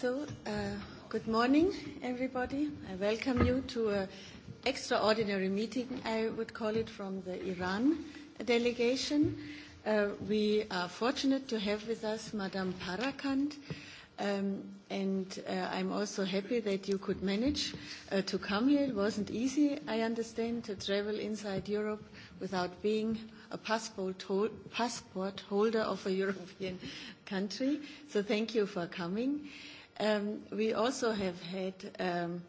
So, good morning, everybody. I welcome you to an extraordinary meeting, I would call it, from the Iran delegation. We are fortunate to have with us Madame Parakand, and I'm also happy that you could manage to come here. It wasn't easy, I understand, to travel inside Europe without being a passport holder of a European country. So thank you for coming. We also have had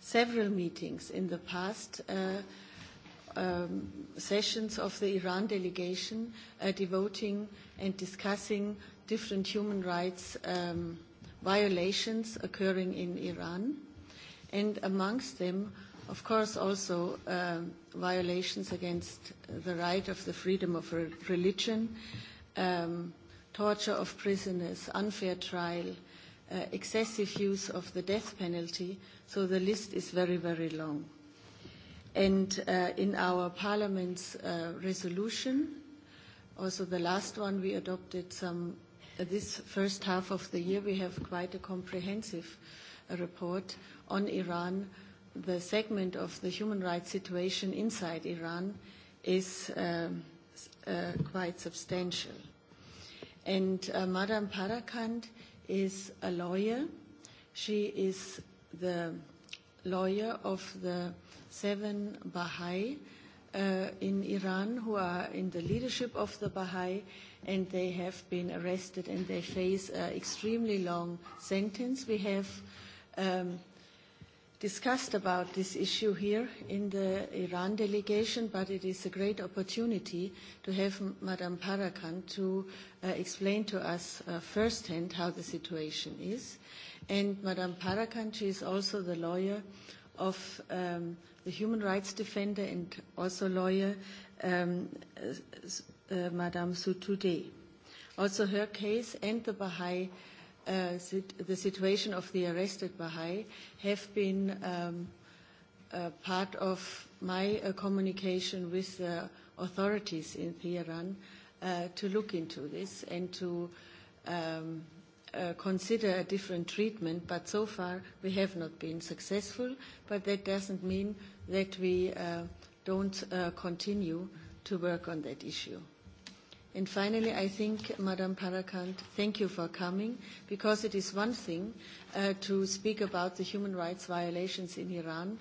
several meetings in the past, sessions of the Iran delegation devoting and discussing different human rights violations occurring in Iran, and amongst them, of course, also violations against the right of the freedom of religion, torture of prisoners, unfair trial, excessive use of the death penalty, so the list is very, very long. And in our Parliament's resolution, also the last one we adopted some this first half of the year, we have quite a comprehensive report on Iran. The segment of the human rights situation inside Iran is quite substantial. And Madam Parakand is a lawyer. She is the lawyer of the seven Baha'i in Iran who are in the leadership of the Baha'i and they have been arrested and they face an extremely long sentence. We have discussed about this issue here in the Iran delegation, but it is a great opportunity to have Madam Parakan to explain to us firsthand how the situation is. And Madame Parakan, she is also the lawyer of the human rights defender and also lawyer Madam Sutude, Also her case and the Baha'i the situation of the arrested Baha'i have been part of my communication with the authorities in Tehran to look into this and to consider a different treatment, but so far we have not been successful, but that doesn't mean that we don't continue to work on that issue. And finally, I think, Madam Parakant, thank you for coming, because it is one thing to speak about the human rights violations in Iran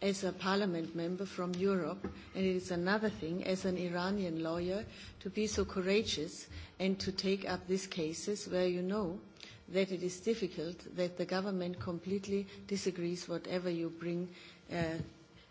as a parliament member from Europe, and it is another thing as an Iranian lawyer to be so courageous and to take up these cases where you know that it is difficult, that the government completely disagrees whatever you bring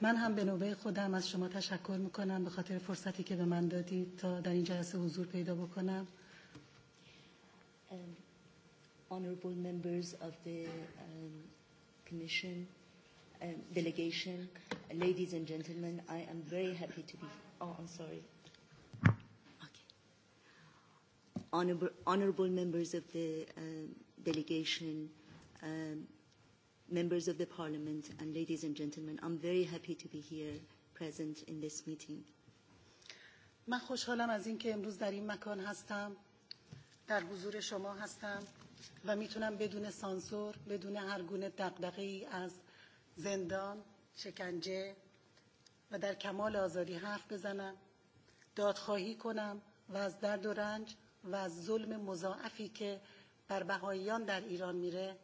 من هم به نوبه خودم از شما تشکر میکنم به خاطر فرصتی که به من دادید تا در این جلسه حضور پیدا بکنم honorable members of the commission delegation ladies and gentlemen i am very happy to be oh i'm sorry honorable honorable members of the delegation um, members of the Parliament, and ladies and gentlemen. I'm very happy to be here present in this meeting. من خوشحالم از اینکه امروز در این مکان هستم در حضور شما هستم و میتونم بدون سانسور بدون هر گونه دغدغه ای از زندان شکنجه و در کمال آزادی حرف بزنم دادخواهی کنم و از درد و رنج و از ظلم مضاعفی که بر بهاییان در ایران میره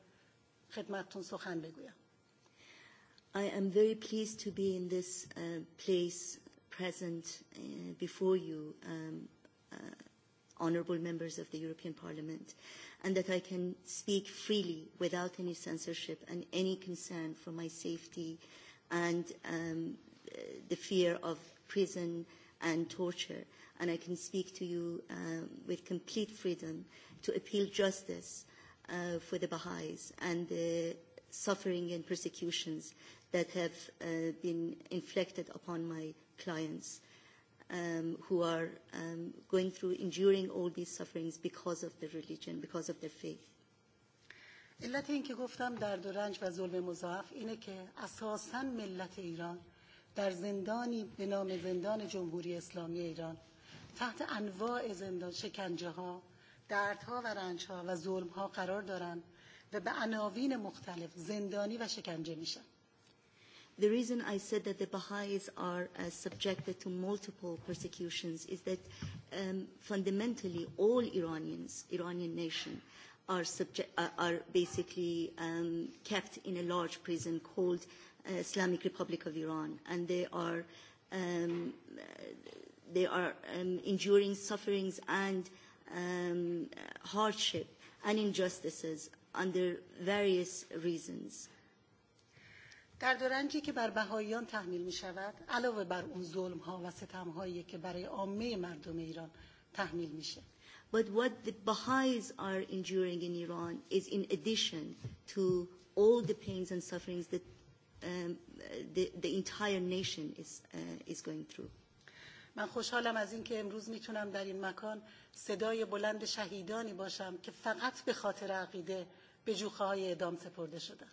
خدمتتون سخن بگویم I am very pleased to be in this place present before you, honourable members of the European Parliament, and that I can speak freely without any censorship and any concern for my safety and the fear of prison and torture. And I can speak to you with complete freedom to appeal justice uh, for the Baha'is and the suffering and persecutions that have been inflicted upon my clients um, who are going through, enduring all these sufferings because of their religion, because of their faith. علت این که گفتم درد و رنج و ظلم مضاعف اینه که اساسا ملت ایران در زندانی به نام زندان جمهوری اسلامی ایران تحت انواع زندان شکنجه ها دردها و رنجها و ظلمها قرار و به عناوین مختلف زندانی و شکنجه میشن The reason I said that the Baha'is are subjected to multiple persecutions is that fundamentally all Iranians, Iranian nation, are subject are basically kept in a large prison called Islamic Republic of Iran, and they are they are enduring sufferings and um hardship and injustices under various reasons. در که بر تحمیل می علاوه بر اون ظلم ها و ستم هایی که برای عامه مردم ایران تحمیل میشه But what the Baha'is are enduring in Iran is in addition to all the pains and sufferings that the, the entire nation is, is going through. من خوشحالم از اینکه امروز میتونم در این مکان صدای بلند شهیدانی باشم که فقط به خاطر عقیده به جوخه های اعدام سپرده شدند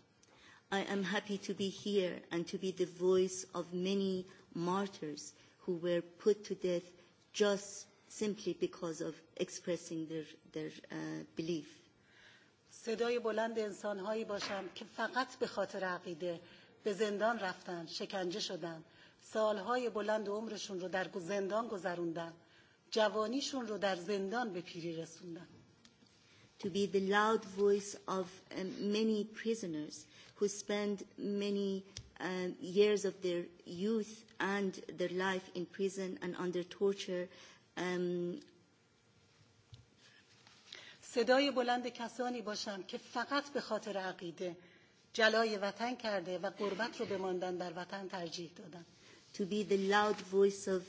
I am happy to be here and to be the voice of many martyrs who were put to death just simply because of expressing their, their belief. صدای بلند انسانهایی باشم که فقط به خاطر عقیده به زندان رفتن، شکنجه شدند سالهای بلند عمرشون رو در زندان گذروندن جوانیشون رو در زندان به پیری رسوندن to be the loud voice of many prisoners who spend many years of their youth and their life in prison and under torture صدای بلند کسانی باشم که فقط به خاطر عقیده جلای وطن کرده و قربت رو بماندن در وطن ترجیح دادن to be the loud voice of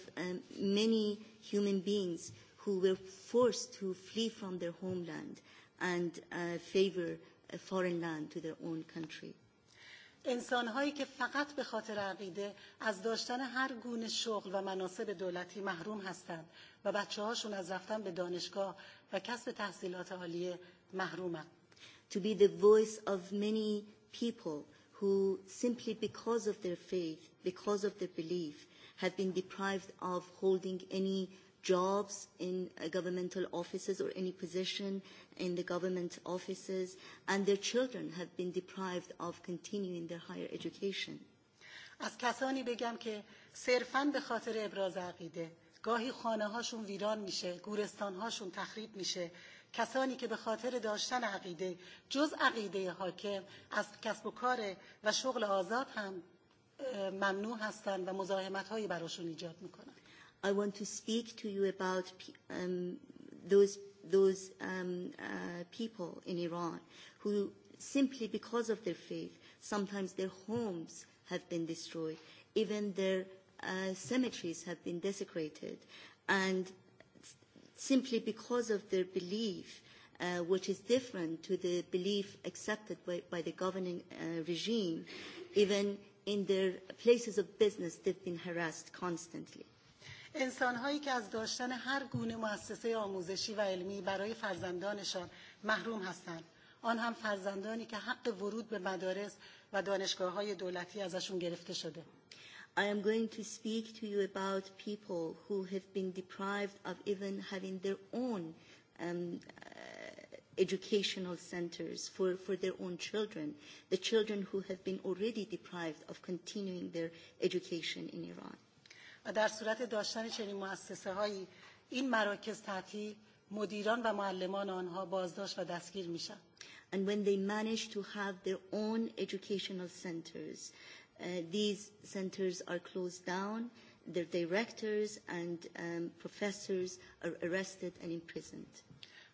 many human beings who were forced to flee from their homeland and favor a foreign land to their own country. هایی که فقط به خاطر عقیده از داشتن هر گونه شغل و مناسب دولتی محروم هستند و بچه هاشون از رفتن به دانشگاه و کسب تحصیلات عالیه محرومند. To be the voice of many people who simply because of their faith because of their belief, have been deprived of holding any jobs in governmental offices or any position in the government offices, and their children have been deprived of continuing their higher education. As کسانی بگم که صرفا به خاطر ابراز عقیده گاهی خانه هاشون ویران میشه گورستان هاشون تخریب میشه کسانی که به خاطر داشتن عقیده جز عقیده حاکم از کسب و کار و شغل آزاد هم ممنوع هستند و مزاحمت هایی براشون I want to speak to you about um, those, those um, uh, people in Iran who simply because of their faith, sometimes their homes have been destroyed, even their uh, cemeteries have been desecrated. And simply because of their belief, uh, which is different to the belief accepted by, by the governing uh, regime, even in their places of business they've been harassed constantly. انسان هایی که از داشتن هر گونه مؤسسه آموزشی و علمی برای فرزندانشان محروم هستند آن هم فرزندانی که حق ورود به مدارس و دانشگاه های دولتی ازشون گرفته شده I am going to speak to you about people who have been deprived of even having their own um, educational centers for for their own children the children who have been already deprived of continuing their education in Iran and when they manage to have their own educational centers these centers are closed down their directors and professors are arrested and imprisoned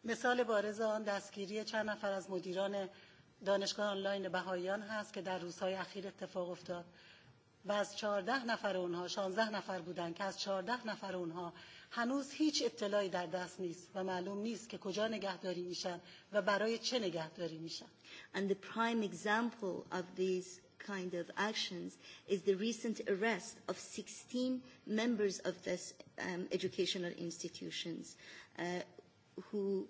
مثال بارز آن دستگیری چند نفر از مدیران دانشگاه آنلاین بهاییان هست که در روزهای اخیر اتفاق افتاد و از چهارده نفر اونها 16 نفر بودند که از چهارده نفر اونها هنوز هیچ اطلاعی در دست نیست و معلوم نیست که کجا نگهداری میشن و برای چه نگهداری میشن and the prime example of these kind of actions is the recent arrest of 16 members of this um, educational institutions who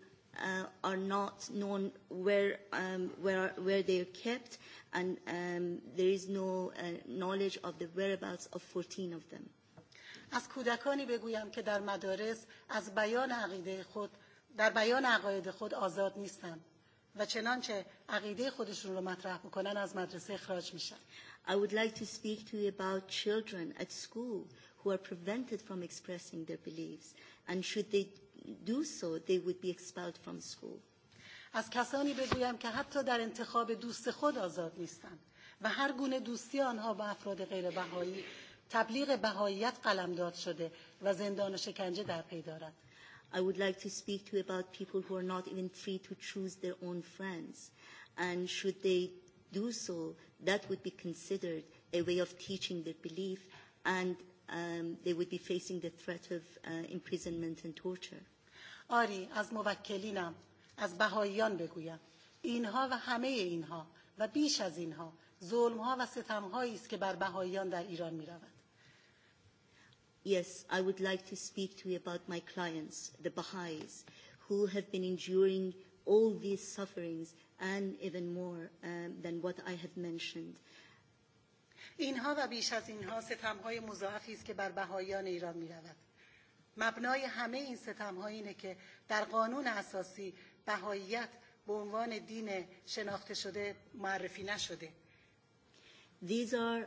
are not known where where where they are kept and um, there is no knowledge of the whereabouts of 14 of them. از کودکانی بگویم که در مدارس از بیان عقیده خود در بیان عقاید خود آزاد نیستند و چنانچه عقیده خودشون رو مطرح بکنن از مدرسه اخراج میشن. I would like to speak to you about children at school who are prevented from expressing their beliefs and should they do so, they would be expelled from school. از کسانی بگویم که حتی در انتخاب دوست خود آزاد نیستند و هر گونه دوستی آنها با افراد غیر بهایی تبلیغ بهاییت قلمداد شده و زندان و شکنجه در پی دارد. I would like to speak to about people who are not even free to choose their own friends and should they do so that would be considered a way of teaching their belief and um they would be facing the threat of imprisonment and torture. آری از موکلینم از بهاییان بگویم اینها و همه اینها و بیش از اینها ظلم ها و ستم هایی است که بر بهاییان در ایران می رود. Yes, I would like to speak to you about my clients, the Baha'is, who have been enduring all these sufferings and even more than what I have mentioned. اینها و بیش از اینها ستمهای مضاعفی است که بر بهاییان ایران رود. مبنای همه این ستمها اینه که در قانون اساسی بهاییت به عنوان دین شناخته شده معرفی نشده These are uh,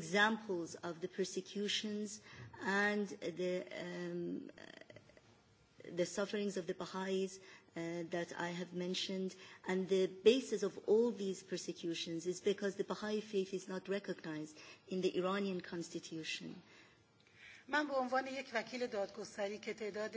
examples of the persecutions and the, um, the sufferings of the Baha'is that I have mentioned. And the basis of all these persecutions is because the Baha'i faith is not recognized in the Iranian constitution. من به عنوان یک وکیل دادگستری که تعداد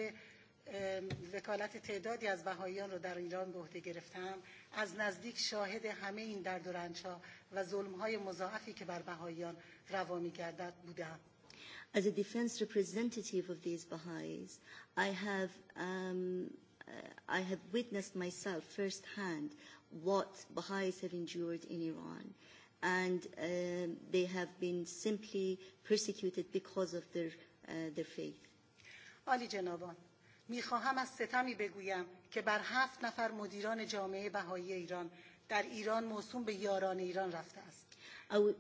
وکالت تعدادی از بهاییان را در ایران به عهده گرفتم از نزدیک شاهد همه این درد و رنجها و ظلمهای مضاعفی که بر بهاییان روا میگردد بودم As a defense representative of these Baha'is, I have um, I have witnessed myself firsthand what Baha'is have endured in Iran. And they have been simply persecuted because of their their faith. Ali جنابان میخواهم از ستمی بگویم که بر هفت نفر مدیران جامعه بهایی ایران در ایران موسوم به یاران ایران رفته است. I would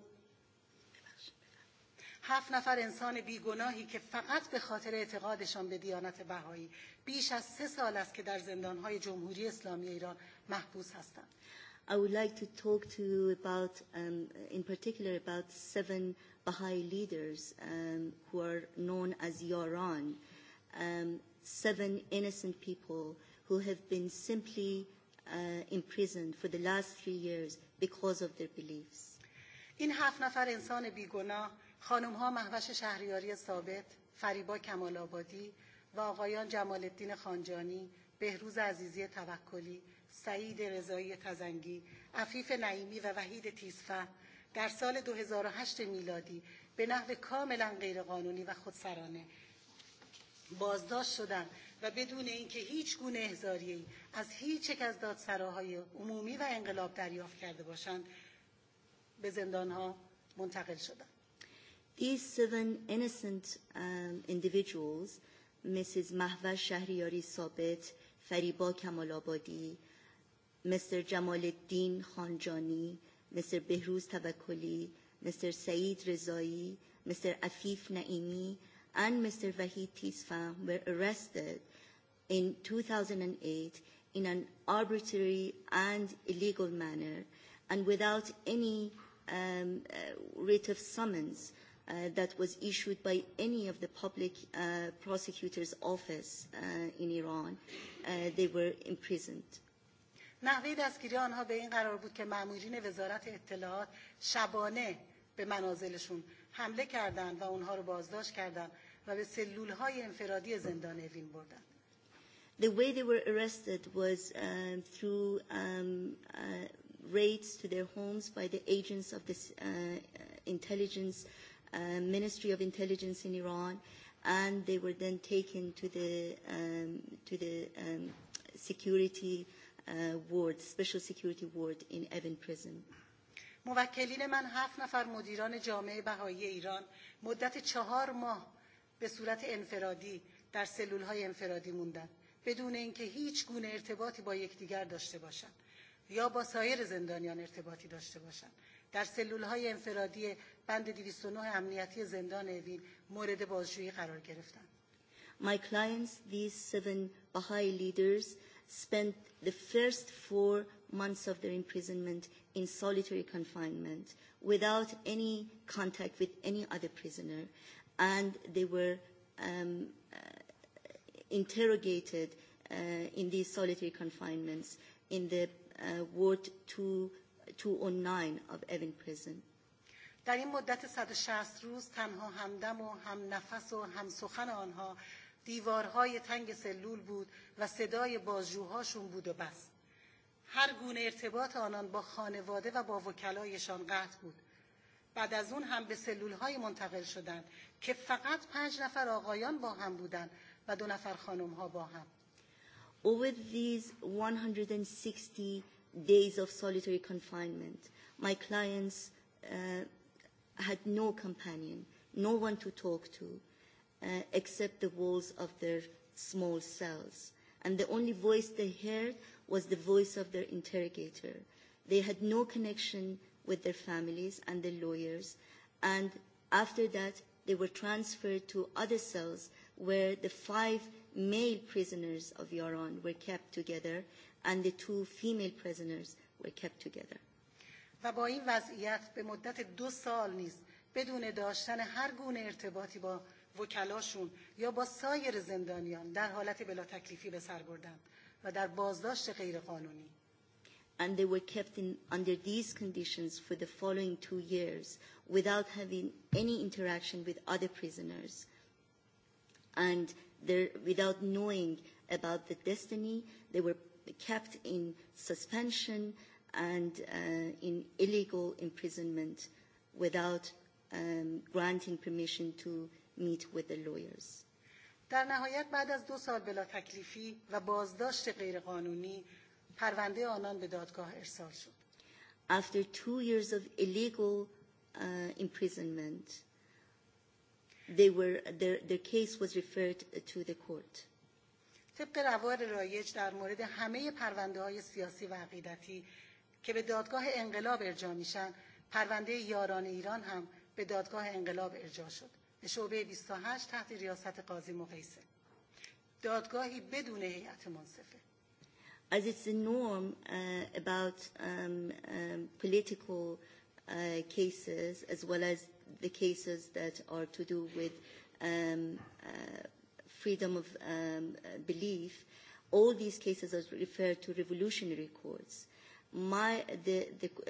هفت نفر انسان بیگناهی که فقط به خاطر اعتقادشان به دیانت بهایی بیش از سه سال است که در زندانهای جمهوری اسلامی ایران محبوس هستند I would like to talk to you about, um, in particular, about seven Baha'i leaders um, who are known as Yaran, um, seven innocent people who have been simply uh, imprisoned for the last three years because of their beliefs. این هفت نفر انسان خانم ها مهوش شهریاری ثابت فریبا کمال آبادی و آقایان جمال الدین خانجانی بهروز عزیزی توکلی سعید رضایی تزنگی عفیف نعیمی و وحید تیزفه در سال 2008 میلادی به نحو کاملا غیرقانونی و خودسرانه بازداشت شدند و بدون اینکه هیچ گونه احضاریه‌ای از هیچ یک از دادسراهای عمومی و انقلاب دریافت کرده باشند به زندان ها منتقل شدند These seven innocent individuals, Mrs. Mahva Shahriyari Sobit, Fariba Kamalabadi, Mr. Jamaluddin Khanjani, Mr. Behruz Tabakuli, Mr. Saeed Rizai, Mr. Afif Naimi, and Mr. Vahid Tisfam were arrested in 2008 in an arbitrary and illegal manner and without any writ of summons that was issued by any of the public prosecutor's office in Iran, they were imprisoned. نحوه دستگیری آنها به این قرار بود که مامورین وزارت اطلاعات شبانه به منازلشون حمله کردند و اونها رو بازداشت کردند و به سلول های انفرادی زندان اوین بردند. The way they were arrested was um, through um, uh, raids to their homes by the agents of this uh, intelligence Ministry of Intelligence in Iran, and they were then taken to the um, to the um, security ward, special security ward in Evin prison. موکلین من هفت نفر مدیران جامعه بهایی ایران مدت چهار ماه به صورت انفرادی در سلول های انفرادی موندن بدون اینکه هیچ گونه ارتباطی با یکدیگر داشته باشند یا با سایر زندانیان ارتباطی داشته باشند در سلول های انفرادی بند 209 امنیتی زندان اوین مورد بازجویی قرار گرفتند My clients, these seven Baha'i leaders, spent the first four months of their imprisonment in solitary confinement without any contact with any other prisoner, and they were um, interrogated in these solitary confinements in the Ward 209 of Evan prison. در این مدت 160 روز تنها همدم و هم نفس و هم سخن آنها دیوارهای تنگ سلول بود و صدای بازجوهاشون بود و بس هر گونه ارتباط آنان با خانواده و با وکلایشان قطع بود بعد از اون هم به سلول های منتقل شدند که فقط پنج نفر آقایان با هم بودند و دو نفر خانم ها با هم Over these 160 days of solitary confinement, my clients had no companion, no one to talk to, except the walls of their small cells. And the only voice they heard was the voice of their interrogator. They had no connection with their families and their lawyers. And after that, they were transferred to other cells where the five male prisoners of Yaron were kept together and the two female prisoners were kept together. و با این وضعیت به مدت دو سال نیز بدون داشتن هر گونه ارتباطی با وکلاشون یا با سایر زندانیان در حالت بلا تکلیفی به سر بردند و در بازداشت غیرقانونی and they were kept in, under these conditions for the following two years without having any interaction with other prisoners and without knowing about the destiny they were kept in suspension and uh, in illegal imprisonment without um, granting permission to meet with the lawyers. در نهایت بعد از دو سال بلا تکلیفی و بازداشت غیرقانونی پرونده آنان به دادگاه ارسال شد. After two years of illegal uh, imprisonment, they were, their, their case was referred to the court. طبق روار رایج در مورد همه پرونده های سیاسی و عقیدتی که به دادگاه انقلاب ارجاع میشن پرونده یاران ایران هم به دادگاه انقلاب ارجاع شد به شعبه 28 تحت ریاست قاضی مقیسه دادگاهی بدون هیئت منصفه as it's the norm about um, political cases as well as the cases that are to do with um, freedom of belief, all these cases are referred to revolutionary courts my the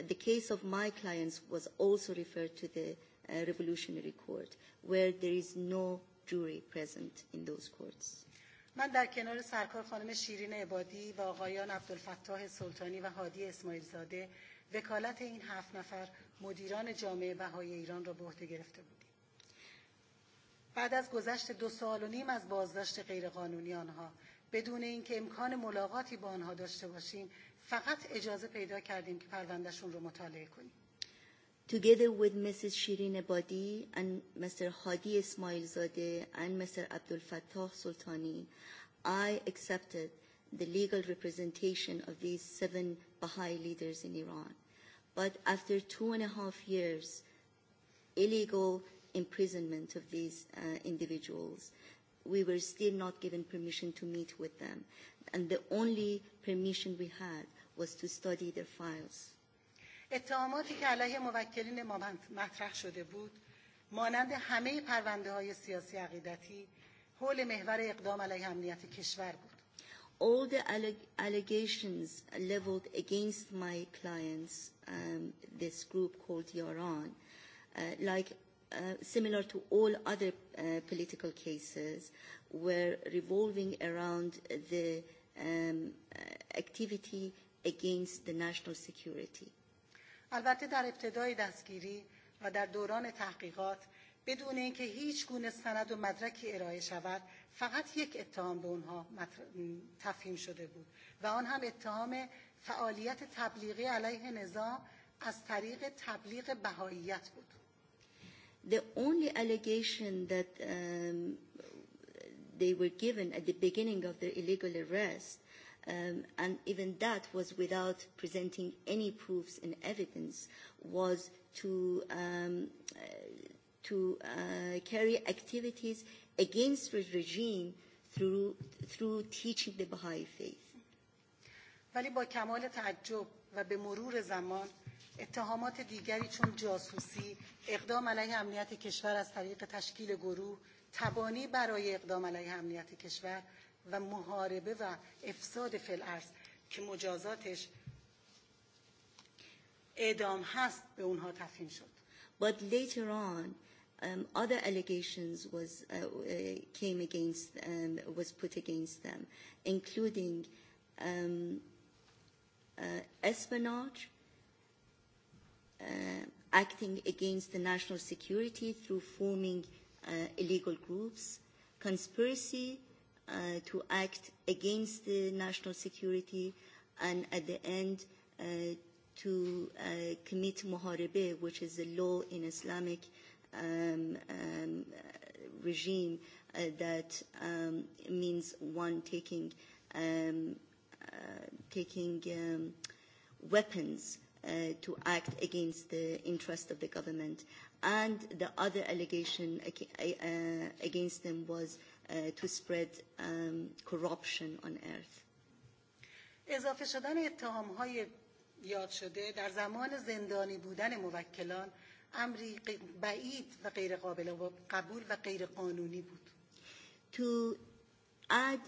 the case of my clients was also referred to the revolutionary court where there is no jury present in those courts من در کنار سرکار خانم شیرین عبادی و آقایان عبدالفتاح سلطانی و هادی اسماعیل زاده وکالت این هفت نفر مدیران جامعه بهای ایران را به عهده گرفته بودیم. بعد از گذشت دو سال و نیم از بازداشت غیرقانونی آنها بدون اینکه امکان ملاقاتی با آنها داشته باشیم فقط اجازه پیدا کردیم که پروندهشون رو مطالعه کنیم Together with Mrs. Shirin Abadi and Mr. Hadi Ismail Zadeh and Mr. Abdul Fattah Sultani, I accepted the legal representation of these seven Baha'i leaders in Iran. But after two and a half years, illegal imprisonment of these individuals, we were still not given permission to meet with them. And the only permission we had was to study their files. اتهاماتی که علیه موکلین ما مطرح شده بود مانند همه پرونده های سیاسی عقیدتی حول محور اقدام علیه امنیت کشور بود all the allegations leveled against my clients, um, this group called Yaran, like similar to all other political cases, were revolving around the um, activity against the national security. البته در ابتدای دستگیری و در دوران تحقیقات بدون اینکه هیچ گونه سند و مدرکی ارائه شود فقط یک اتهام به اونها تفهیم شده بود و آن هم اتهام فعالیت تبلیغی علیه نظام از طریق تبلیغ بهاییت بود The only allegation that um, they were given at the beginning of their illegal arrest and even that was without presenting any proofs and evidence, was to um, uh, to uh, carry activities against the regime through through teaching the Baha'i faith. ولی با کمال تعجب و به مرور زمان اتهامات دیگری چون جاسوسی، اقدام علیه امنیت کشور از طریق تشکیل گروه، تبانی برای اقدام علیه امنیت کشور و محاربه و افساد فلعرز که مجازاتش اعدام هست به اونها تفهیم شد but later on um, other allegations was uh, came against um, was put against them including um, uh, espionage uh, acting against the national security through forming uh, illegal groups conspiracy to act against the national security and at the end to commit muharebe, which is a law in Islamic regime that means one taking taking weapons to act against the interest of the government. And the other allegation against them was to spread corruption on earth. اضافه شدن های یاد شده در زمان زندانی بودن موکلان امری بعید و غیر قابل قبول و غیر قانونی بود. To add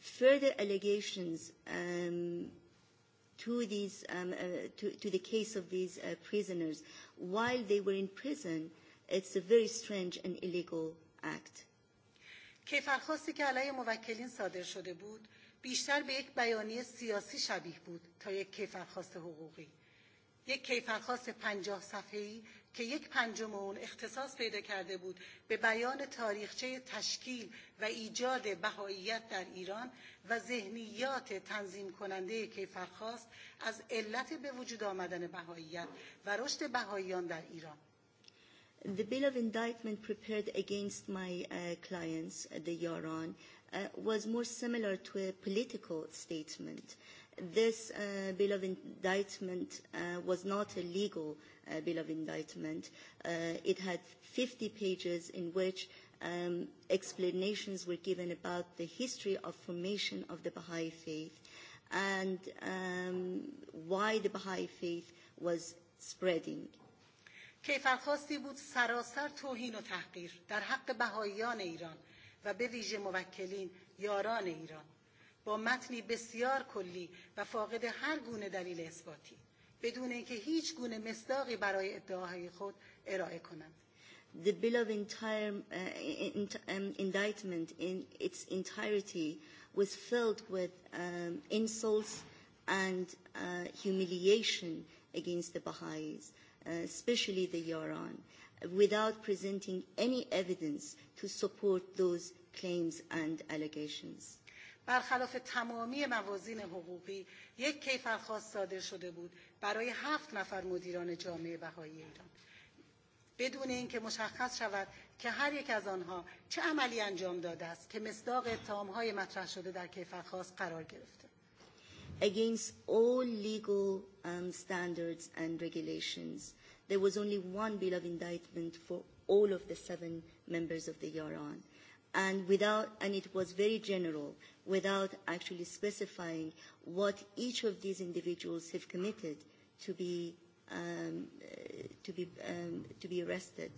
further allegations um, to these um, uh, to, to the case of these uh, prisoners while they were in prison, it's a very strange and illegal act. کیفرخواستی که علیه موکلین صادر شده بود بیشتر به یک بیانیه سیاسی شبیه بود تا یک کیفرخواست حقوقی یک کیفرخواست پنجاه صفحه‌ای که یک پنجم اون اختصاص پیدا کرده بود به بیان تاریخچه تشکیل و ایجاد بهاییت در ایران و ذهنیات تنظیم کننده کیفرخواست از علت به وجود آمدن بهاییت و رشد بهاییان در ایران The bill of indictment prepared against my clients, the Yaran, was more similar to a political statement. This bill of indictment was not a legal bill of indictment. It had 50 pages in which explanations were given about the history of formation of the Baha'i faith and why the Baha'i faith was spreading. کیفرخواستی بود سراسر توهین و تحقیر در حق بهاییان ایران و به ویژه موکلین یاران ایران با متنی بسیار کلی و فاقد هر گونه دلیل اثباتی بدون اینکه هیچ گونه مصداقی برای ادعاهای خود ارائه کنند The bill of indictment in its entirety was filled with insults and humiliation against the Baha'is especially the Yaran, without presenting any evidence to support those claims and allegations. برخلاف تمامی موازین حقوقی یک کیفرخواست صادر شده بود برای هفت نفر مدیران جامعه بهایی ایران بدون اینکه مشخص شود که هر یک از آنها چه عملی انجام داده است که مصداق اتهام های مطرح شده در کیفرخواست قرار گرفته against all legal standards and regulations. There was only one bill of indictment for all of the seven members of the Yaran. And without, and it was very general, without actually specifying what each of these individuals have committed to be to be to be arrested.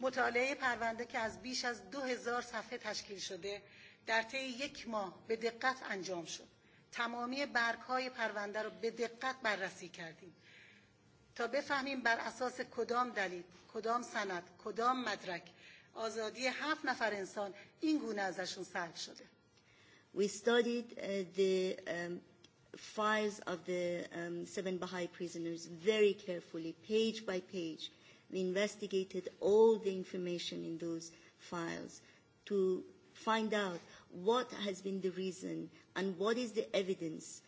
مطالعه پرونده که از بیش از صفحه تشکیل شده در طی یک ماه به دقت انجام شد. تمامی برگ های پرونده رو به دقت بررسی کردیم تا بفهمیم بر اساس کدام دلیل کدام سند کدام مدرک آزادی هفت نفر انسان این گونه ازشون سلب شده We studied the files of the seven Baha'i prisoners very carefully, page by page. We investigated all the information in those files to find out what has been the reason, and what is the evidence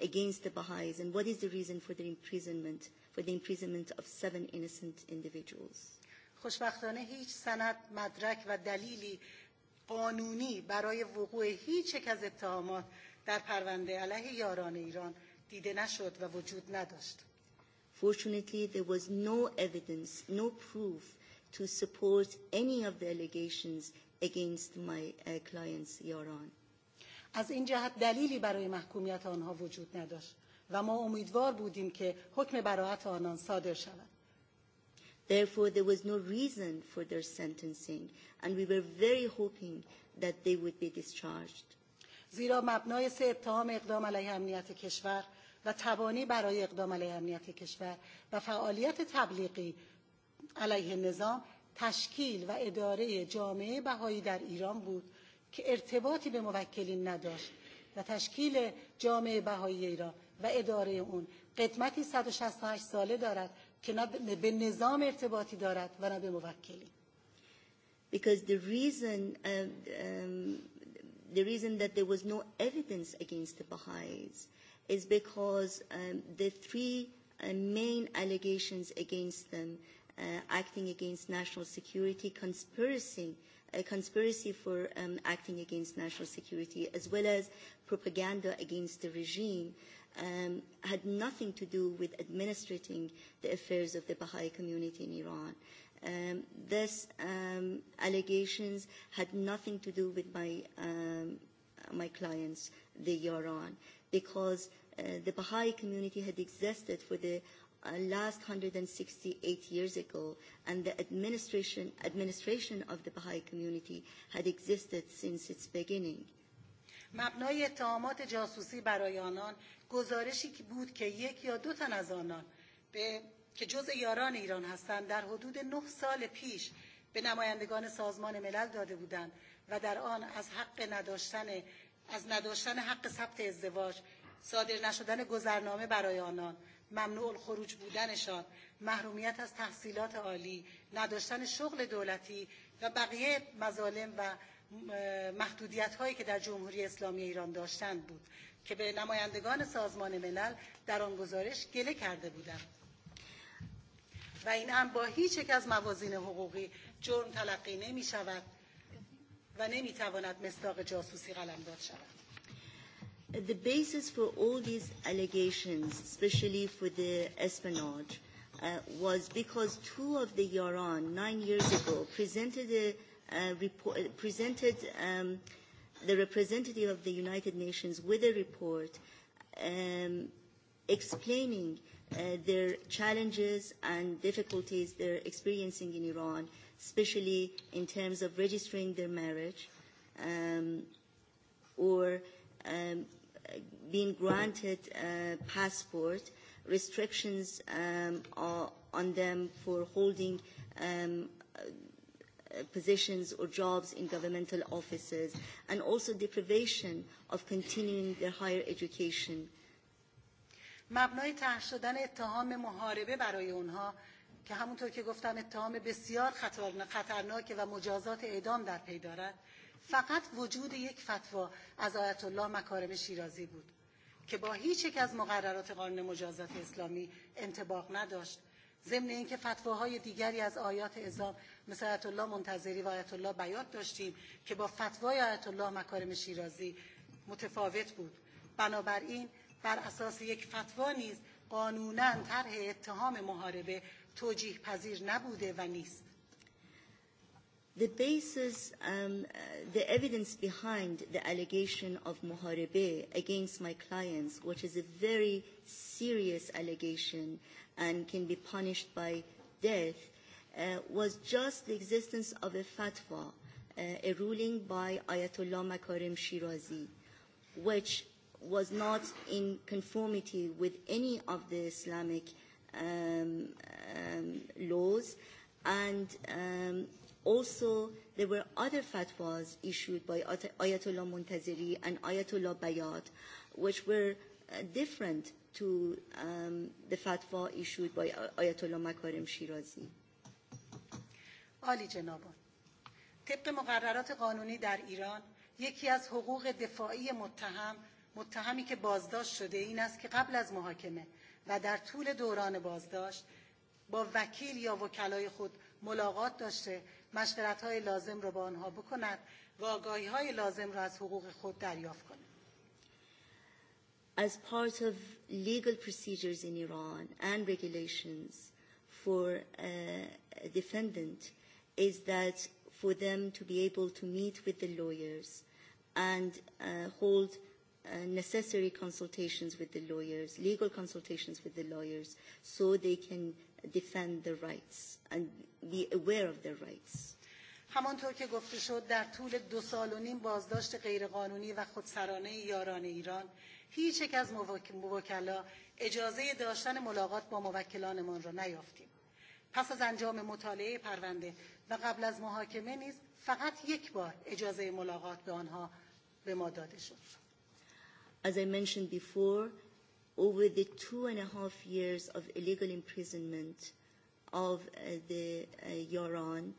against the Baha'is and what is the reason for the imprisonment, for the imprisonment of seven innocent individuals. خوشبختانه هیچ سند مدرک و دلیلی قانونی برای وقوع هیچ از در پرونده یاران ایران دیده نشد و وجود نداشت. Fortunately, there was no evidence, no proof to support any of the allegations against my clients, Yaran. از این جهت دلیلی برای محکومیت آنها وجود نداشت و ما امیدوار بودیم که حکم براعت آنان صادر شود Therefore, there was no reason for their sentencing, and we were very hoping that they would be discharged. زیرا مبنای سه اتهام اقدام علیه امنیت کشور و توانی برای اقدام علیه امنیت کشور و فعالیت تبلیغی علیه نظام تشکیل و اداره جامعه بهایی در ایران بود که ارتباطی به موکلین نداشت و تشکیل جامعه بهایی ایران و اداره اون قدمتی 168 ساله دارد که نه به نظام ارتباطی دارد و نه به موکلین because the reason um, the reason that there was no evidence against the Baha'is is because um, the three main allegations against them acting against national security, conspiracy conspiracy for acting against national security, as well as propaganda against the regime, had nothing to do with administrating the affairs of the Baha'i community in Iran. These allegations had nothing to do with my my clients, the Iran because the Baha'i community had existed for the last 168 years ago, and the administration administration of the Baha'i community had existed since its beginning. مبنای اتهامات جاسوسی برای آنان گزارشی که بود که یک یا دو تن از آنان به که جز یاران ایران هستند در حدود نه سال پیش به نمایندگان سازمان ملل داده بودند و در آن از حق نداشتن از نداشتن حق ثبت ازدواج صادر نشدن گذرنامه برای آنان ممنوع الخروج بودنشان محرومیت از تحصیلات عالی نداشتن شغل دولتی و بقیه مظالم و محدودیت هایی که در جمهوری اسلامی ایران داشتند بود که به نمایندگان سازمان ملل در آن گزارش گله کرده بودند و این هم با هیچ یک از موازین حقوقی جرم تلقی نمی شود و نمی تواند مصداق جاسوسی قلمداد شود the basis for all these allegations, especially for the espionage, was because two of the Yaran nine years ago presented a report, presented the representative of the United Nations with a report explaining their challenges and difficulties they're experiencing in Iran, especially in terms of registering their marriage or been granted passport restrictions um, on them for holding um, positions or jobs in governmental offices and also deprivation of continuing their higher education. مبنای طرح شدن اتهام محاربه برای اونها که همونطور که گفتم اتهام بسیار خطرناکه و مجازات اعدام در پی دارد فقط وجود یک فتوا از آیت الله مکارم شیرازی بود که با هیچ یک از مقررات قانون مجازات اسلامی انطباق نداشت ضمن اینکه فتواهای دیگری از آیات اسلام مثل آیت الله منتظری و آیت الله بیات داشتیم که با فتوای آیت الله مکارم شیرازی متفاوت بود بنابراین بر اساس یک فتوا نیز قانونا طرح اتهام محاربه توجیه پذیر نبوده و نیست The basis, the evidence behind the allegation of muharebe against my clients, which is a very serious allegation and can be punished by death, was just the existence of a fatwa, a ruling by Ayatollah Makarim Shirazi, which was not in conformity with any of the Islamic laws and also there were other fatwas issued by Ayatollah Muntaziri and Ayatollah Bayat, which were different to the fatwa issued by Ayatollah Makarim Shirazi. عالی جنابان طبق مقررات قانونی در ایران یکی از حقوق دفاعی متهم متهمی که بازداشت شده این است که قبل از محاکمه و در طول دوران بازداشت با وکیل یا وکلای خود ملاقات داشته مشورت های لازم رو با آنها و های لازم را از حقوق خود دریافت As part of legal procedures in Iran and regulations for a defendant is that for them to be able to meet with the lawyers and hold necessary consultations with the lawyers, legal consultations with the lawyers, so they can defend their rights and be aware of their rights. همانطور که گفته شد در طول دو سال و نیم بازداشت غیرقانونی و خودسرانه یاران ایران هیچ یک از موکلا اجازه داشتن ملاقات با موکلانمان را نیافتیم پس از انجام مطالعه پرونده و قبل از محاکمه نیز فقط یک بار اجازه ملاقات به آنها به ما داده شد As I mentioned before, over the two and a half years of illegal imprisonment of the Yaran,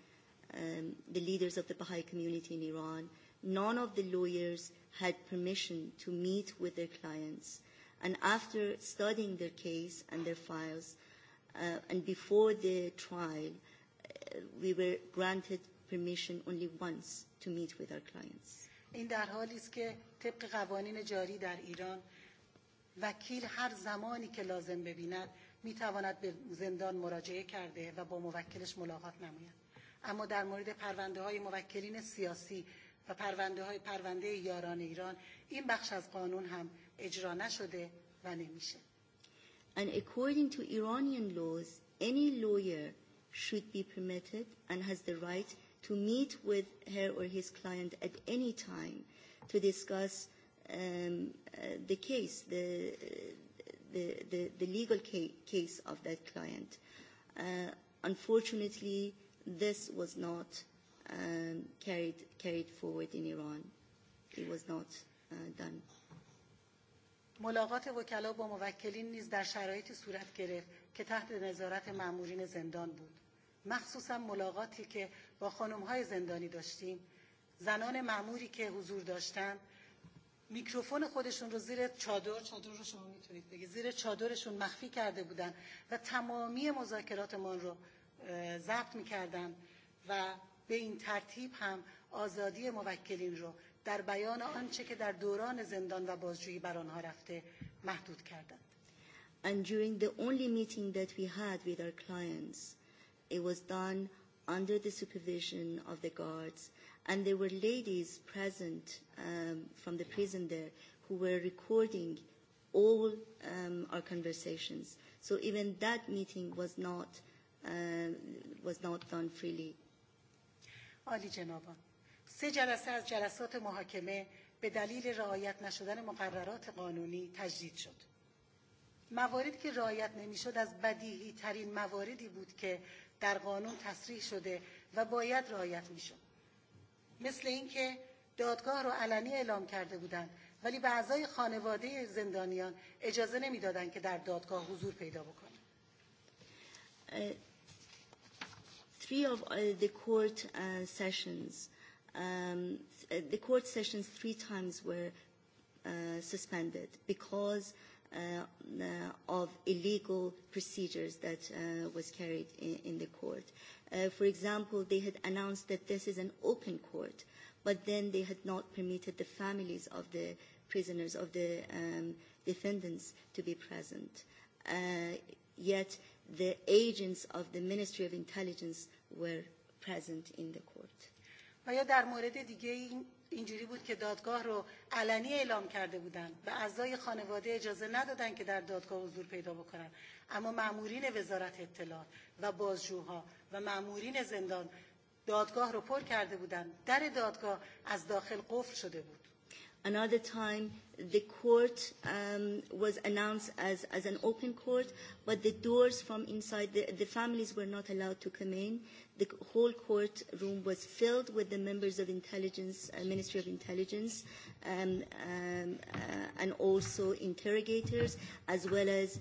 the leaders of the Baha'i community in Iran, none of the lawyers had permission to meet with their clients. And after studying their case and their files, and before the trial, we were granted permission only once to meet with our clients. این در وکیل هر زمانی که لازم ببیند میتواند به زندان مراجعه کرده و با موکلش ملاقات نماید اما در مورد پرونده های موکلین سیاسی و پرونده های پرونده یاران ایران این بخش از قانون هم اجرا نشده و نمیشه And according to Iranian laws, any lawyer should be permitted and has the right to meet with her or his client at any time to discuss the case, the the the legal case of that client. Unfortunately, this was not carried carried forward in Iran. It was not done. ملاقات وکلا با موکلین نیز در شرایطی صورت گرفت که تحت نظارت مامورین زندان بود مخصوصا ملاقاتی که با خانم های زندانی داشتیم زنان ماموری که حضور داشتند میکروفون خودشون رو زیر چادر چادر رو شما میتونید بگید زیر چادرشون مخفی کرده بودن و تمامی مذاکراتمان رو ضبط میکردن و به این ترتیب هم آزادی موکلین رو در بیان آنچه که در دوران زندان و بازجویی بر آنها رفته محدود کردند and during the only meeting that we had with our clients it was done under the supervision of the guards and there were ladies present from the prison there who were recording all our conversations. So even that meeting was not was not done freely. عالی جنابان سه جلسه از جلسات محاکمه به دلیل رعایت نشدن مقررات قانونی تجدید شد مواردی که رعایت نمیشد از بدیهی ترین مواردی بود که در قانون تصریح شده و باید رعایت میشد مثل اینکه دادگاه رو علنی اعلام کرده بودند ولی به اعضای خانواده زندانیان اجازه نمیدادند که در دادگاه حضور پیدا بکنند three of the court sessions um the court sessions three times were suspended because uh of illegal procedures that uh was carried in the court. For example, they had announced that this is an open court, but then they had not permitted the families of the prisoners, of the defendants, to be present. Yet the agents of the Ministry of Intelligence were present in the court. آیا در مورد دیگه اینجوری بود که دادگاه رو علنی اعلام کرده بودن و اعضای خانواده اجازه ندادن که در دادگاه حضور پیدا بکنن اما مامورین وزارت اطلاعات و بازجوها و مامورین زندان دادگاه رو پر کرده بودن در دادگاه از داخل قفل شده بود Another time the court was announced as as an open court, but the doors from inside the families were not allowed to come in. The whole court room was filled with the members of intelligence, Ministry of Intelligence, and also interrogators, as well as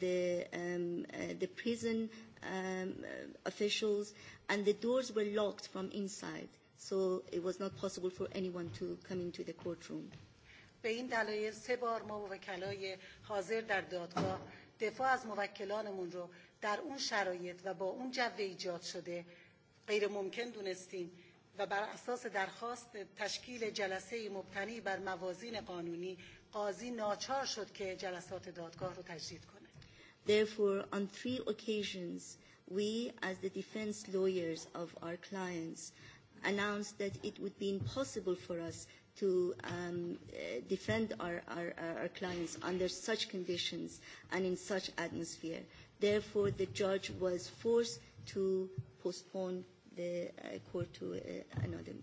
the the prison officials, and the doors were locked from inside, so it was not possible for anyone to come into the courtroom. به این دلایل سه بار ما وکلای حاضر در دادگاه دفاع از موکلانمون رو در اون شرایط و با اون جو ایجاد شده غیر ممکن دونستیم و بر اساس درخواست تشکیل جلسه مبتنی بر موازین قانونی قاضی ناچار شد که جلسات دادگاه رو تجدید کنه Therefore, on three occasions, we, as the defense lawyers of our clients, announced that it would be impossible for us to defend our clients under such conditions and in such atmosphere. Therefore, the judge was forced to postpone the court to another.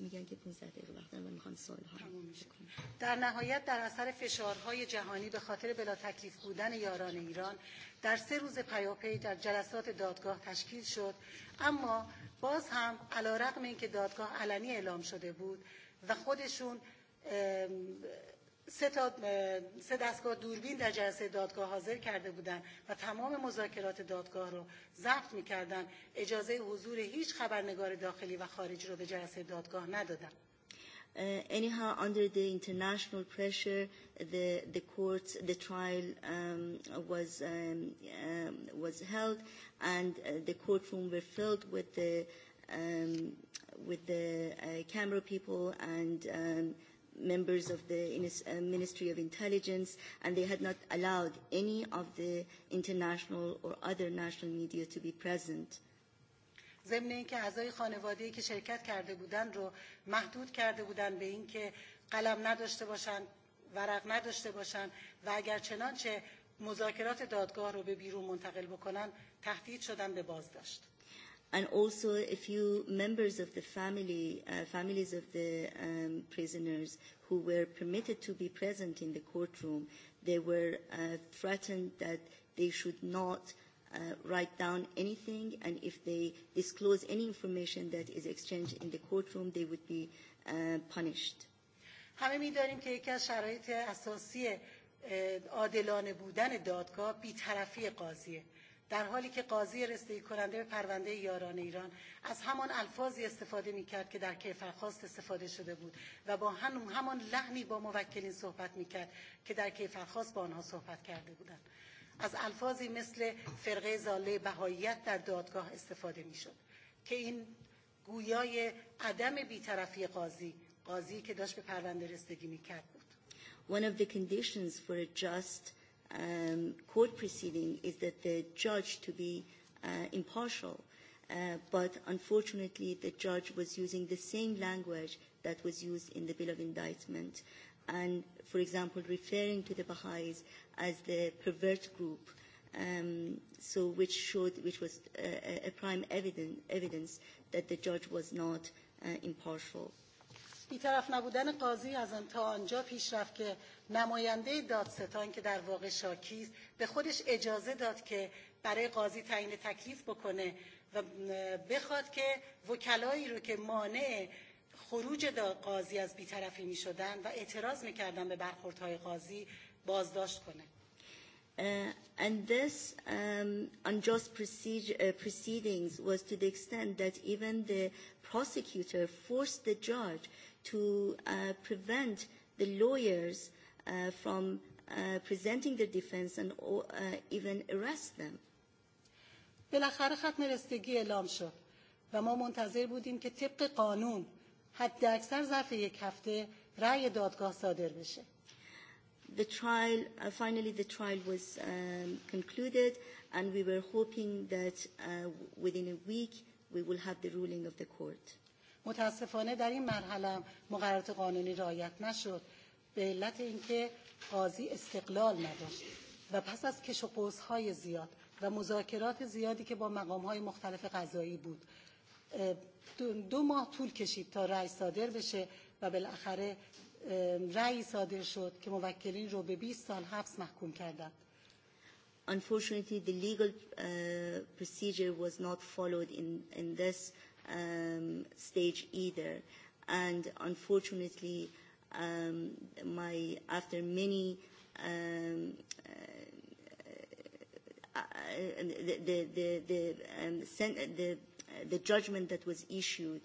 میگن که 15 دقیقه وقت و میخوان سوال ها در نهایت در اثر فشارهای جهانی به خاطر بلا تکلیف بودن یاران ایران در سه روز پیاپی در جلسات دادگاه تشکیل شد اما باز هم علی رغم اینکه دادگاه علنی اعلام شده بود و خودشون سه تا سه دستگاه دوربین در جلسه دادگاه حاضر کرده بودند و تمام مذاکرات دادگاه رو ضبط میکردند اجازه حضور هیچ خبرنگار داخلی و خارجی رو به جلسه دادگاه ندادند anyhow, under the international pressure, the the court, the trial um, was um, was held, and the courtroom were filled with the um, with the camera people and Um, members of the Ministry of Intelligence, and they had not allowed any of the international or other national media to be present. ضمن اینکه اعضای خانواده که شرکت کرده بودند رو محدود کرده بودند به اینکه قلم نداشته باشند ورق نداشته باشند و اگر چنانچه مذاکرات دادگاه رو به بیرون منتقل بکنن تهدید شدن به بازداشت and also a few members of the family, families of the prisoners who were permitted to be present in the courtroom, they were threatened that they should not write down anything, and if they disclose any information that is exchanged in the courtroom, they would be punished. همه که یکی از شرایط اساسی عادلانه بودن دادگاه قاضیه. در حالی که قاضی رسیدگی کننده به پرونده یاران ایران از همان الفاظی استفاده می کرد که در کیفرخواست استفاده شده بود و با همان لحنی با موکلین صحبت می کرد که در کیفرخواست با آنها صحبت کرده بودند از الفاظی مثل فرقه زاله بهاییت در دادگاه استفاده می میشد که این گویای عدم بیطرفی قاضی قاضی که داشت به پرونده رسیدگی کرد بود One of the conditions for a just court proceeding is that the judge to be impartial. But unfortunately, the judge was using the same language that was used in the Bill of Indictment and, for example, referring to the Baha'is as the pervert group, so which showed, which was a prime evidence that the judge was not impartial. بیطرف نبودن قاضی از تا آنجا پیش رفت که نماینده دادستان که در واقع شاکیز به خودش اجازه داد که برای قاضی تعیین تکلیف بکنه و بخواد که وکلایی رو که مانع خروج قاضی از بیطرفی می شدن و اعتراض می به برخوردهای قاضی بازداشت کنه And this um, unjust proceedings was to the extent that even the prosecutor forced the judge to prevent the lawyers from presenting the defense and even arrest them. بالاخره ختم رسیدگی اعلام شد و ما منتظر بودیم که طبق قانون حداکثر ظرف یک هفته رأی دادگاه صادر بشه. The trial, finally, the trial was concluded, and we were hoping that within a week we will have the ruling of the court. متاسفانه در این مرحله مقررات قانونی رعایت نشد به علت اینکه قاضی استقلال نداشت و پس از کش و های زیاد و مذاکرات زیادی که با مقام های مختلف قضایی بود دو ماه طول کشید تا رأی صادر بشه و بالاخره رأی صادر شد که موکلین رو به 20 سال حبس محکوم کردند. Unfortunately, the legal procedure was not followed in, in this um, stage either. And unfortunately, um, my, after many um, the, the, the, the, the judgment that was issued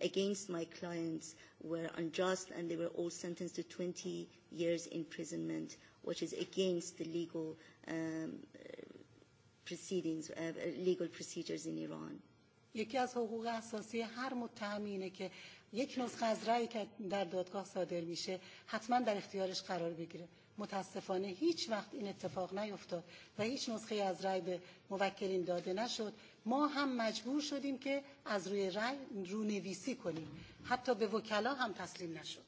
against my clients were unjust and they were all sentenced to 20 years imprisonment, which is against the legal proceedings, legal procedures in Iran. یکی از حقوق اساسی هر اینه که یک نسخه از رأی که در دادگاه صادر میشه حتما در اختیارش قرار بگیره متاسفانه هیچ وقت این اتفاق نیفتاد و هیچ نسخه از رأی به موکلین داده نشد ما هم مجبور شدیم که از روی رأی رونویسی کنیم حتی به وکلا هم تسلیم نشد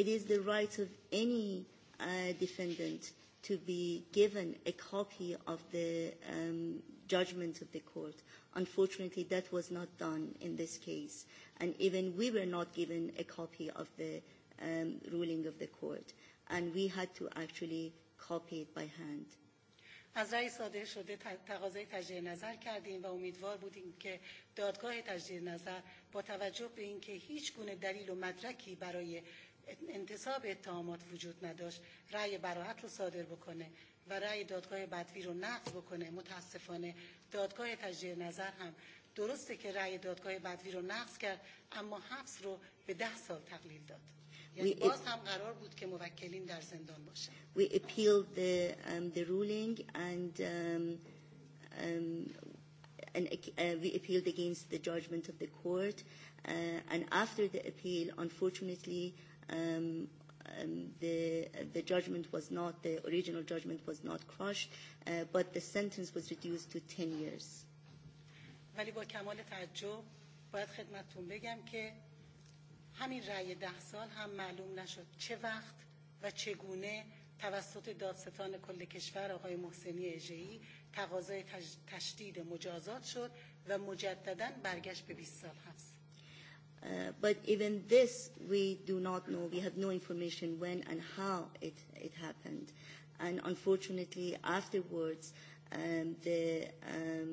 It is the right of any uh, defendant to be given a copy of the um, judgment of the court. Unfortunately, that was not done in this case. And even we were not given a copy of the um, ruling of the court and we had to actually copy it by hand. از رأی صادر شده تقاضای تجدید نظر کردیم و امیدوار بودیم که دادگاه تجدید نظر با توجه به اینکه هیچ گونه دلیل و مدرکی برای انتصاب اتهامات وجود نداشت رأی براحت رو صادر بکنه و رأی دادگاه بدوی رو نقض بکنه متاسفانه دادگاه تجدید نظر هم درسته که رأی دادگاه بدوی رو نقض کرد اما حبس رو به ده سال تقلیل داد we appealed the um, the ruling and um, um, and uh, we appealed against the judgment of the court uh, and after the appeal unfortunately um, um, the, the judgment was not, the original judgment was not crushed, uh, but the sentence was reduced to 10 years. ولی همین رأی ده سال هم معلوم نشد چه وقت و چگونه توسط دادستان کل کشور آقای محسنی اجهی تقاضای تشدید مجازات شد و مجددا برگشت به 20 سال حبس But even this we do not know. We have no information when and how it, it happened. And unfortunately, afterwards, um, the um,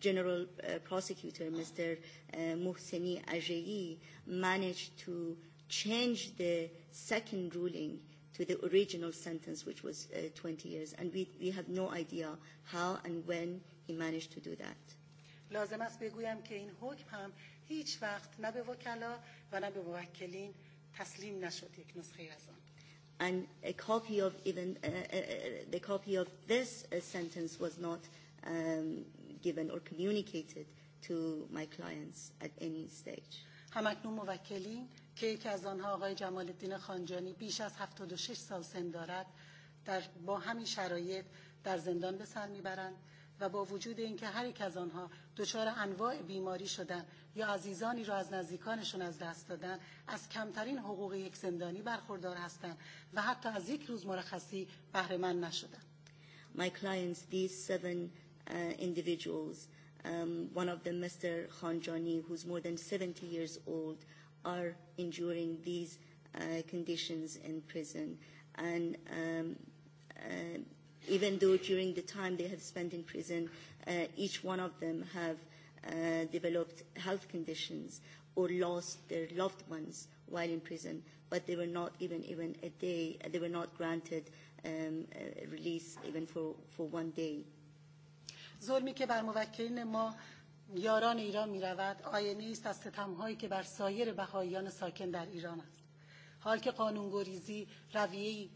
General Prosecutor, Mr. Mohseni Ajayi, managed to change the second ruling to the original sentence, which was 20 years, and we, we have no idea how and when he managed to do that. And a copy of even the copy of this sentence was not um, given or communicated to my clients at any stage. همکنون موکلین که یکی از آنها آقای جمال الدین خانجانی بیش از 76 سال سن دارد در با همین شرایط در زندان به سر میبرند و با وجود اینکه هر یک از آنها دچار انواع بیماری شدن یا عزیزانی را از نزدیکانشون از دست دادن از کمترین حقوق یک زندانی برخوردار هستند و حتی از یک روز مرخصی بهره مند نشدند My clients, these seven individuals, one of them, Mr. Khan Khanjani, who's more than 70 years old, are enduring these conditions in prison. And even though during the time they have spent in prison, each one of them have developed health conditions or lost their loved ones while in prison, but they were not given even a day, they were not granted release even for for one day. ظلمی که بر موکلین ما یاران ایران می رود آینه است از هایی که بر سایر بهاییان ساکن در ایران است حال که گریزی رویه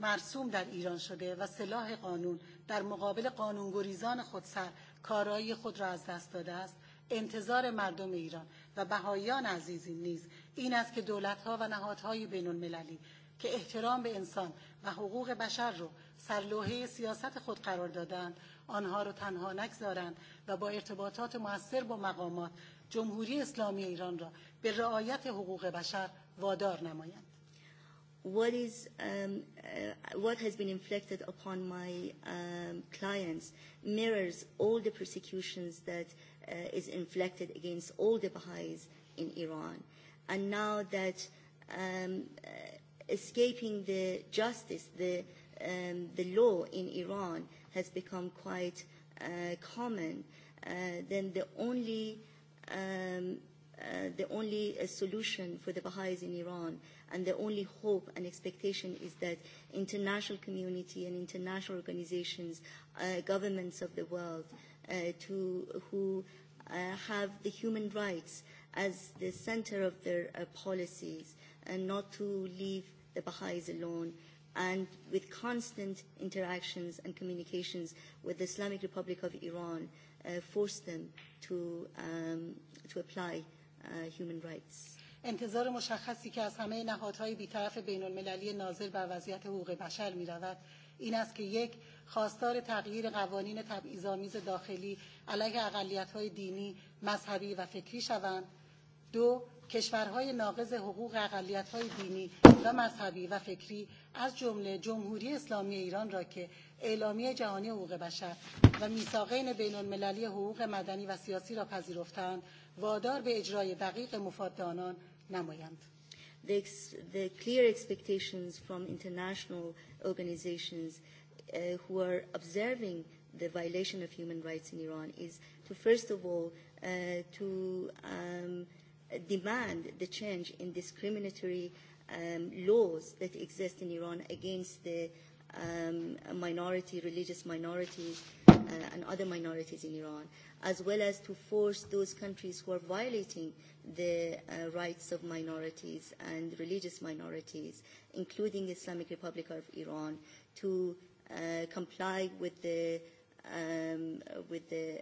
مرسوم در ایران شده و سلاح قانون در مقابل قانون گریزان خود سر کارایی خود را از دست داده است انتظار مردم ایران و بهاییان عزیزی نیز این است که دولت‌ها و نهادهای بین‌المللی که احترام به انسان و حقوق بشر رو سر لوحه سیاست خود قرار دادند آنها را تنها نگذارند و با ارتباطات موثر با مقامات جمهوری اسلامی ایران را به رعایت حقوق بشر وادار نمایند what is um, uh, what has been inflicted upon my um, clients mirrors all the persecutions that uh, is inflicted against all the Baha'is in Iran. And now that um, escaping the justice, the, um, the law in Iran has become quite common, then the only the only solution for the Baha'is in Iran and the only hope and expectation is that international community and international organizations, governments of the world, to who have the human rights as the center of their policies and not to leave the Baha'is alone and with constant interactions and communications with the Islamic Republic of Iran forced them to um, to apply human rights. انتظار مشخصی که از همه نهادهای بیطرف بین المللی ناظر بر وضعیت حقوق بشر می رود این است که یک خواستار تغییر قوانین تبعیض‌آمیز داخلی علیه اقلیت‌های دینی، مذهبی و فکری شوند، دو کشورهای ناقض حقوق اقلیت‌های دینی و مذهبی و فکری از جمله جمهوری اسلامی ایران را که اعلامیه جهانی حقوق بشر و میثاقین بین‌المللی حقوق مدنی و سیاسی را پذیرفتند وادار به اجرای دقیق مفاد آنان نمایند the clear expectations from international organizations who are observing the violation of human rights in Iran is to first of all to um, demand the change in discriminatory laws that exist in Iran against the minority, religious minorities and other minorities in Iran, as well as to force those countries who are violating the rights of minorities and religious minorities, including the Islamic Republic of Iran, to comply with the with the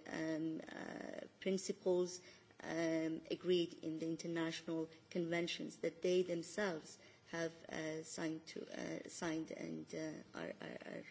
principles um, agreed in the international conventions that they themselves have uh, signed to uh, signed and uh, are are, are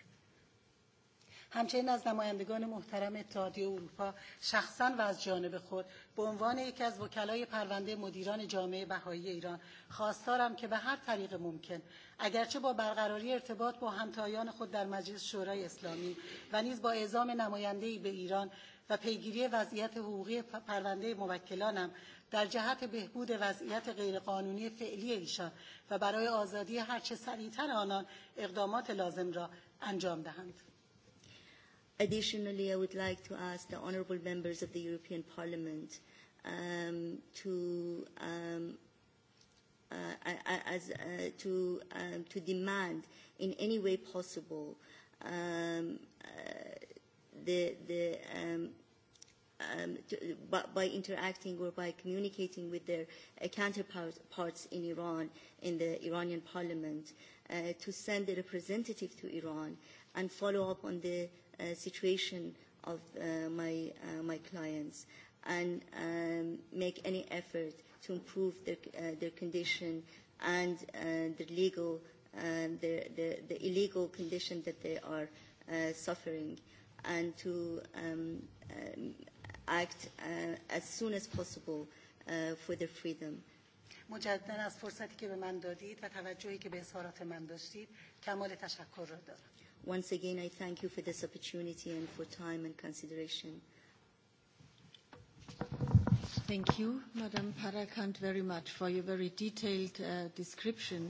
همچنین از نمایندگان محترم اتحادیه اروپا شخصا و از جانب خود به عنوان یکی از وکلای پرونده مدیران جامعه بهایی ایران خواستارم که به هر طریق ممکن اگرچه با برقراری ارتباط با همتایان خود در مجلس شورای اسلامی و نیز با اعزام نماینده‌ای به ایران و پیگیری وضعیت حقوقی پرونده موکلانم در جهت بهبود وضعیت غیرقانونی فعلی ایشان و برای آزادی هرچه سریعتر آنان اقدامات لازم را انجام دهند. Additionally, I would like to ask the honourable members of the European Parliament um, to, um, uh, as, uh, to, um, to demand in any way possible um, uh, the the um by interacting or by communicating with their counterparts in Iran in the Iranian parliament to send a representative to Iran and follow up on the situation of my my clients and make any effort to improve their their condition and the legal the the illegal condition that they are suffering and to act as soon as possible for their freedom. مجددا از فرصتی که به من دادید و توجهی که به اظهارات من داشتید کمال تشکر را دارم. Once again, I thank you for this opportunity and for time and consideration. Thank you, Madam Parakant, very much for your very detailed description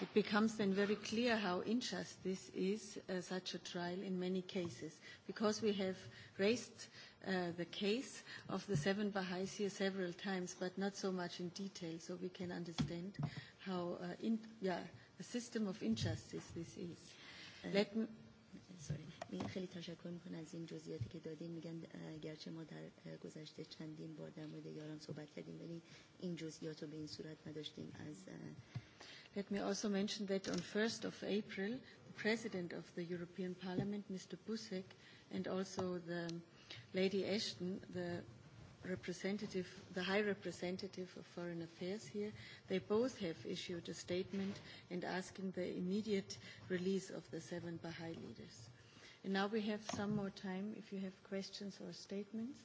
it becomes then very clear how unjust this is, such a trial in many cases, because we have raised the case of the seven Baha'is here several times, but not so much in detail, so we can understand how in, yeah, a system of injustice this is. Let me... می خیلی تشکر میکنم از این جزئیاتی که دادین میگن گرچه ما در گذشته چندین بار در مورد یاران صحبت کردیم ولی این جزئیات رو به این صورت نداشتیم از Let me also mention that on 1st of April, the President of the European Parliament, Mr. Busek and also the Lady Ashton, the representative, the High Representative of Foreign Affairs here, they both have issued a statement and asking the immediate release of the seven Baha'i leaders. And now we have some more time if you have questions or statements.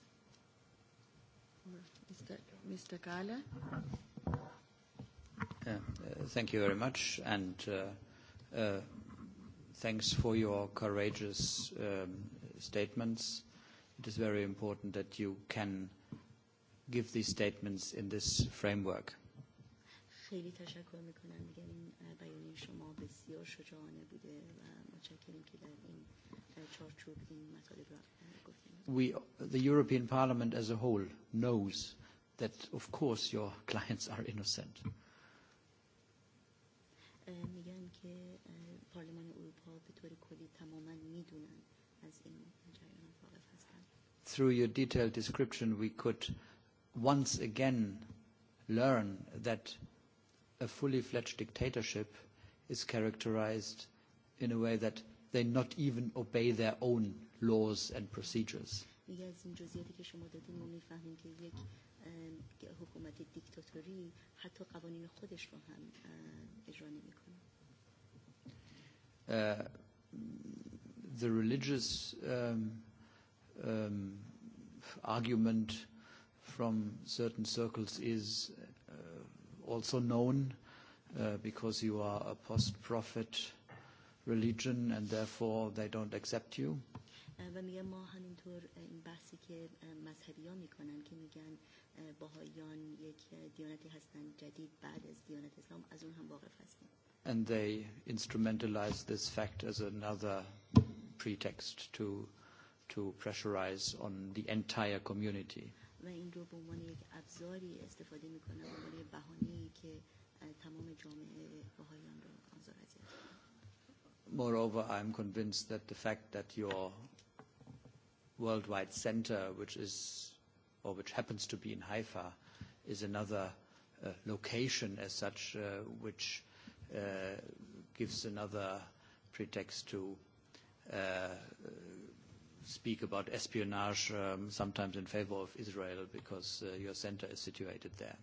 Mr. Gala. Thank you very much, and thanks for your courageous statements. It is very important that you can give these statements in this framework. خیلی تشکر این شما بسیار شجاعانه بوده و که در این چارچوب این We, the European Parliament as a whole, knows that of course your clients are innocent. میگن که پارلمان اروپا به کلی تماما میدونن از این جریان هستن Through your detailed description we could once again learn that a fully fledged dictatorship is characterized in a way that they not even obey their own laws and procedures. حکومت دیکتاتوری حتی قوانین خودش رو هم اجرا نمیکنه the religious um, um, argument from certain circles is also known because you are a post-prophet religion and therefore they don't accept you. و میگه ما همینطور این بحثی که مذهبی ها میکنن که میگن باهایان یک دیانتی هستن جدید بعد از دیانت اسلام از اون هم واقف هستیم and they instrumentalize this fact as another pretext to to pressurize on the entire community. و این رو به عنوان یک ابزاری استفاده میکنن به عنوان بهانه‌ای که تمام جامعه باهایان رو آزار Moreover, I'm convinced that the fact that your worldwide center, which is or which happens to be in Haifa, is another location as such, which gives another pretext to speak about espionage, sometimes in favor of Israel, because your center is situated there.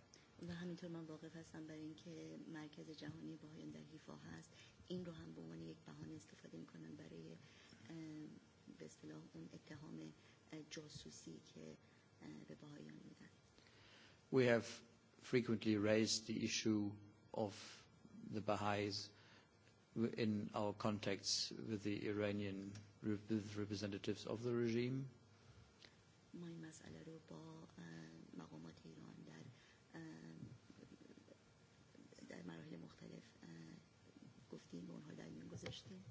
به اصطلاح اون اتهام جاسوسی که به باهایان میدن We have frequently raised the issue of the Baha'is in our contacts with the Iranian representatives of the regime. ما این مسئله رو با مقامات ایران در در مراحل مختلف گفتیم و اونها در میون گذاشتیم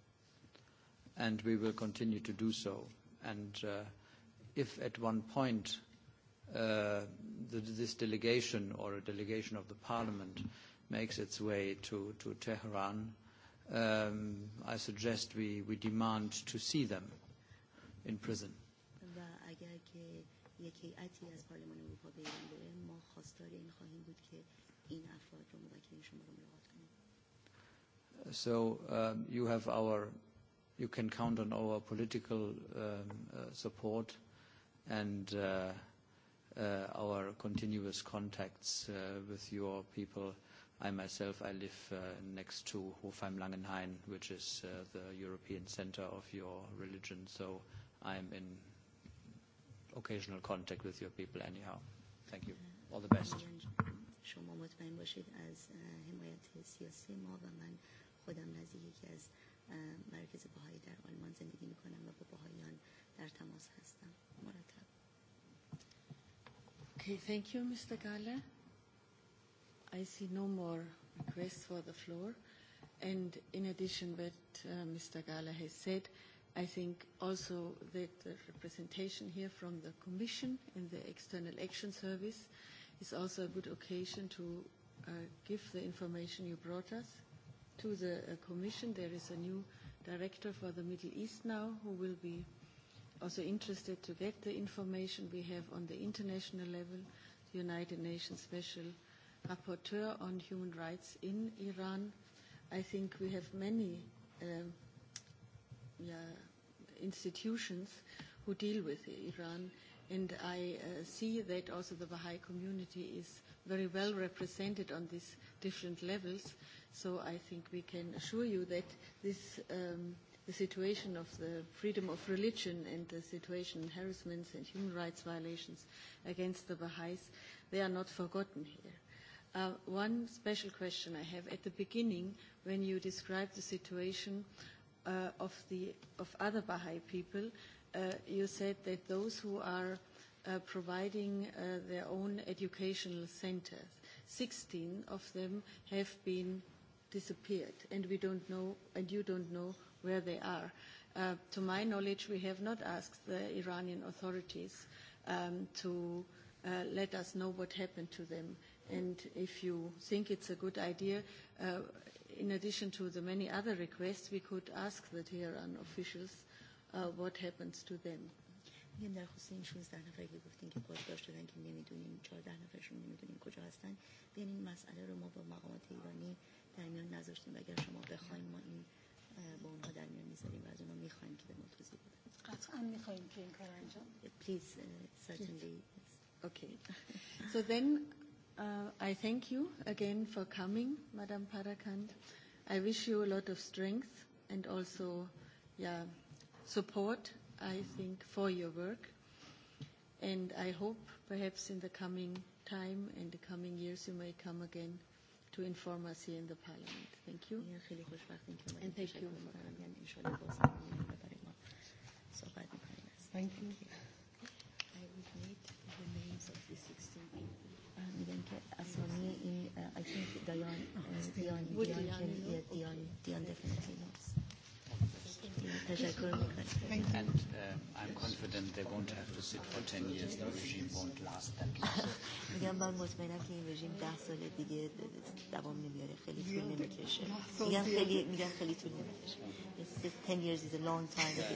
and we will continue to do so. And if at one point this delegation or a delegation of the Parliament makes its way to Tehran, I suggest we we demand to see them in prison. So you have our you can count on our political support and our continuous contacts with your people. I myself, I live next to Hofheim-Langenhain, which is the European center of your religion, so I'm in occasional contact with your people anyhow. Thank you. All the best. باهایی در آلمان زندگی میکنم و با در تماس هستم مرتب Okay, thank you, Mr. Gale. I see no more requests for the floor. And in addition what Mr. Gale has said, I think also that the representation here from the Commission and the External Action Service is also a good occasion to give the information you brought us to the Commission. There is a new director for the Middle East now who will be also interested to get the information we have on the international level, the United Nations Special Rapporteur on Human Rights in Iran. I think we have many institutions who deal with Iran, and I see that also the Baha'i community is very well represented on this different levels. So I think we can assure you that this the situation of the freedom of religion and the situation of harassments and human rights violations against the Baha'is, they are not forgotten here. One special question I have at the beginning when you described the situation of the of other Baha'i people, you said that those who are providing their own educational centers 16 of them have been disappeared, and we don't know, and you don't know where they are. To my knowledge, we have not asked the Iranian authorities to let us know what happened to them. And if you think it's a good idea, in addition to the many other requests, we could ask the Tehran officials what happens to them. در خصوص این 16 نفری که گفتین که پاسدار شدن که نمیدونیم 14 نفرشون نمیدونیم کجا هستن بیان این مسئله رو ما با مقامات ایرانی در میان نذاشتیم و اگر شما بخواین ما این با اونها در میان میذاریم و از اونها میخوایم که به ما توضیح بدن قطعا میخوایم که این کار انجام پلیز certainly اوکی سو دن آی I thank یو اگین فور کامینگ Madam پاراکاند آی ویش یو لوت آف of اند آلسو also سپورت I think, for your work. And I hope perhaps in the coming time and the coming years you may come again to inform us here in the Parliament. Thank you. And thank you. Thank you. And I'm confident for 10 years. regime last میگم که این 10 سال دیگه دوام نمیاره خیلی طول نمیکشه میگم خیلی خیلی طول 10 years is a long